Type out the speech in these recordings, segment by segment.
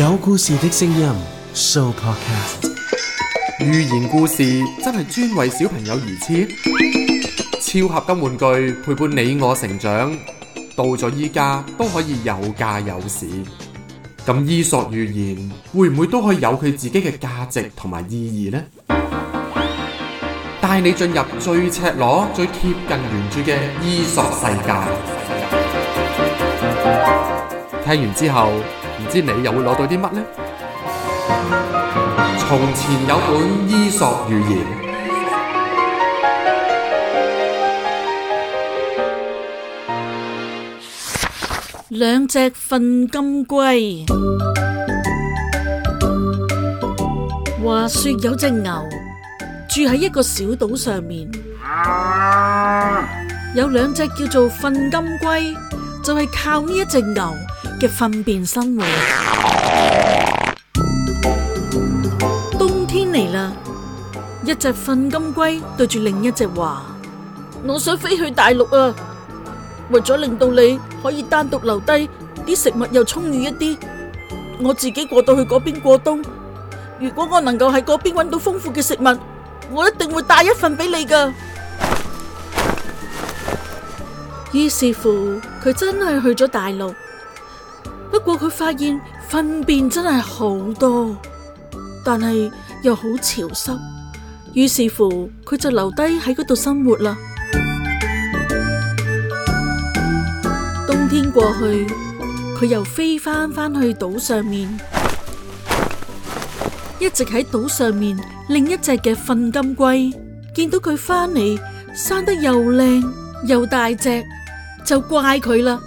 有故事的聲音，Sooo Podcast。寓言故事真係專為小朋友而設，超合金玩具陪伴你我成長，到咗依家都可以有價有市。咁伊索寓言會唔會都可以有佢自己嘅價值同埋意義呢？帶你進入最赤裸、最貼近原著嘅伊索世界。聽完之後。唔知你又會攞到啲乜呢？從前有本伊索寓言，兩隻糞金龜。話説有隻牛住喺一個小島上面，有兩隻叫做糞金龜，就係靠呢一隻牛嘅糞便生活。冬天嚟啦，一隻糞金龜對住另一隻話：「我想飛去大陸啊！為咗令到你可以單獨留低，啲食物又充裕一啲，我自己過到去嗰邊過冬。如果我能夠喺嗰邊搵到豐富嘅食物，我一定會帶一份俾你噶。」於是乎，佢真係去咗大陸。不過佢發現糞便真係好多，但係又好潮濕，於是乎佢就留低喺嗰度生活啦。冬天過去，佢又飛翻翻去島上面，一直喺島上面。另一隻嘅糞金龜見到佢翻嚟，生得又靚又大隻，就怪佢啦。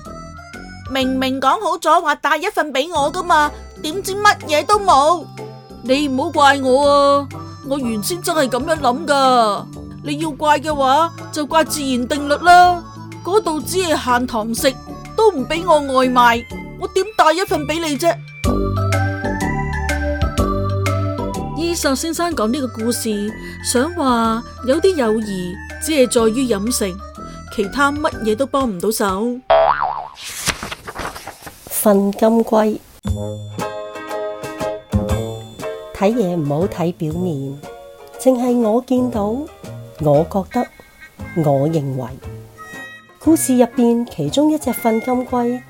明明講好咗話帶一份俾我噶嘛，點知乜嘢都冇？你唔好怪我啊！我原先真係咁樣諗噶。你要怪嘅話，就怪自然定律啦。嗰度只係限堂食，都唔俾我外賣，我點帶一份俾你啫？伊索先生講呢個故事，想話有啲友誼只係在於飲食，其他乜嘢都幫唔到手。糞金龜睇嘢，唔好睇表面，淨係我見到、我覺得、我認為。故事入邊，其中一隻糞金龜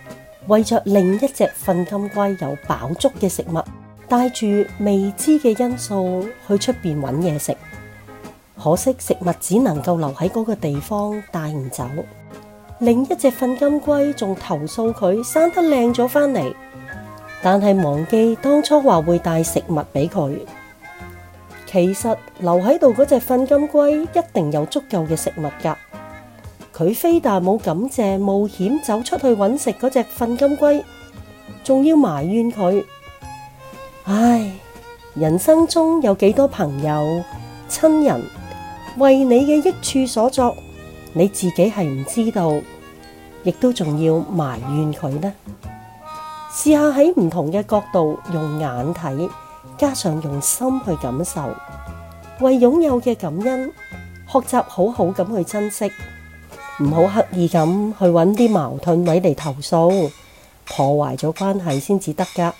為着另一隻糞金龜有飽足嘅食物，帶住未知嘅因素去出邊揾嘢食。可惜食物只能夠留喺嗰個地方，帶唔走。另一隻糞金龜仲投訴佢生得靚咗返嚟，但係忘記當初話會帶食物俾佢。其實留喺度嗰隻糞金龜一定有足夠嘅食物㗎。佢非但冇感謝冒險走出去揾食嗰隻糞金龜，仲要埋怨佢。唉，人生中有幾多朋友、親人為你嘅益處所作，你自己係唔知道。亦都仲要埋怨佢呢。試下喺唔同嘅角度用眼睇，加上用心去感受，為擁有嘅感恩，學習好好咁去珍惜，唔好刻意咁去揾啲矛盾位嚟投訴，破壞咗關係先至得㗎。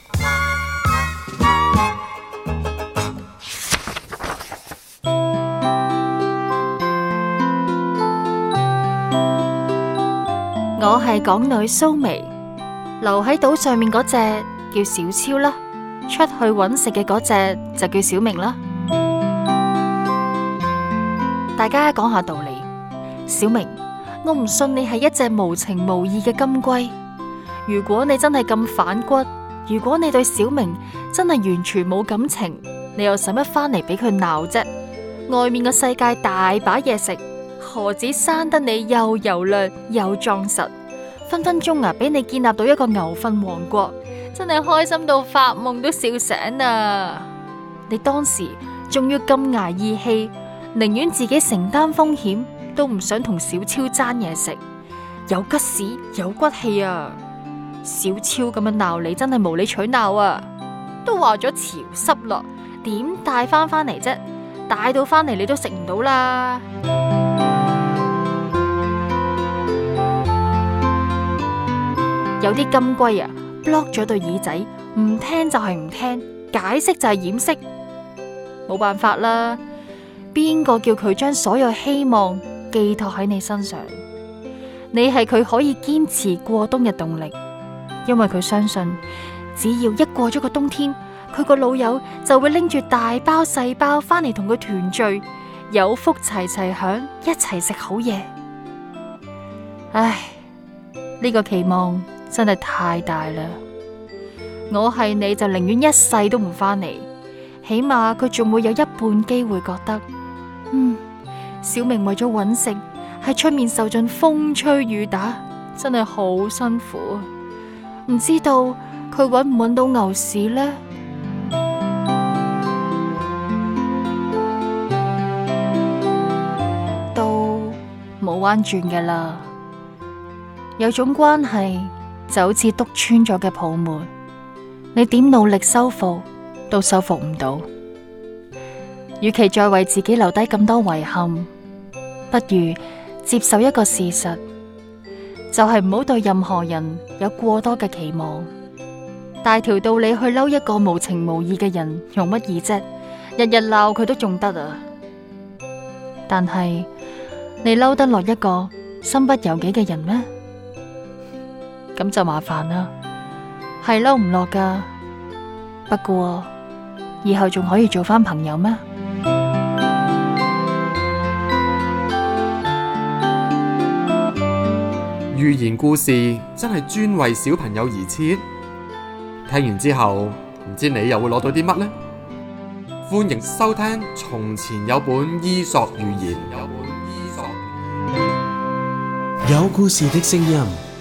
係港女蘇眉留喺島上面嗰隻叫小超啦，出去揾食嘅嗰隻就叫小明啦。大家講下道理，小明，我唔信你係一隻無情無義嘅金龜。如果你真係咁反骨，如果你對小明真係完全冇感情，你又使乜翻嚟俾佢鬧啫？外面嘅世界大把嘢食，何止生得你又油亮又壯實？分分鐘啊，俾你建立到一個牛糞王國，真係開心到發夢都笑醒啊！你當時仲要咁捱義氣，寧願自己承擔風險，都唔想同小超爭嘢食，有吉屎，有骨氣啊！小超咁樣鬧你，真係無理取鬧啊！都話咗潮濕啦，點帶翻翻嚟啫？帶到翻嚟你都食唔到啦！有啲金龜啊 block 咗對耳仔，唔聽就係唔聽，解釋就係掩飾，冇辦法啦。邊個叫佢將所有希望寄託喺你身上？你係佢可以堅持過冬嘅動力，因為佢相信，只要一過咗個冬天，佢個老友就會拎住大包細包翻嚟同佢團聚，有福齊齊享，一齊食好嘢。唉，呢、呢個期望。真係太大啦！我係你就寧願一世都唔翻嚟，起碼佢仲會有一半機會覺得，嗯，小明為咗揾食喺出面受盡風吹雨打，真係好辛苦啊！唔知道佢揾唔揾到牛屎呢？都冇彎轉噶啦，有種關係。就好似篤穿咗嘅泡沫，你點努力修復都修復唔到。與其再為自己留低咁多遺憾，不如接受一個事實，就係唔好對任何人有過多嘅期望。大條道理去嬲一個無情無義嘅人用，用乜嘢啫？日日鬧佢都仲得啊！但係你嬲得落一個身不由己嘅人咩？咁就麻煩啦，係嬲唔落噶。不過以後仲可以做返朋友咩？寓言故事真係專為小朋友而設，聽完之後唔知你又會攞到啲乜呢？歡迎收聽《從前有本伊索寓言》，有本伊索，有故事的聲音。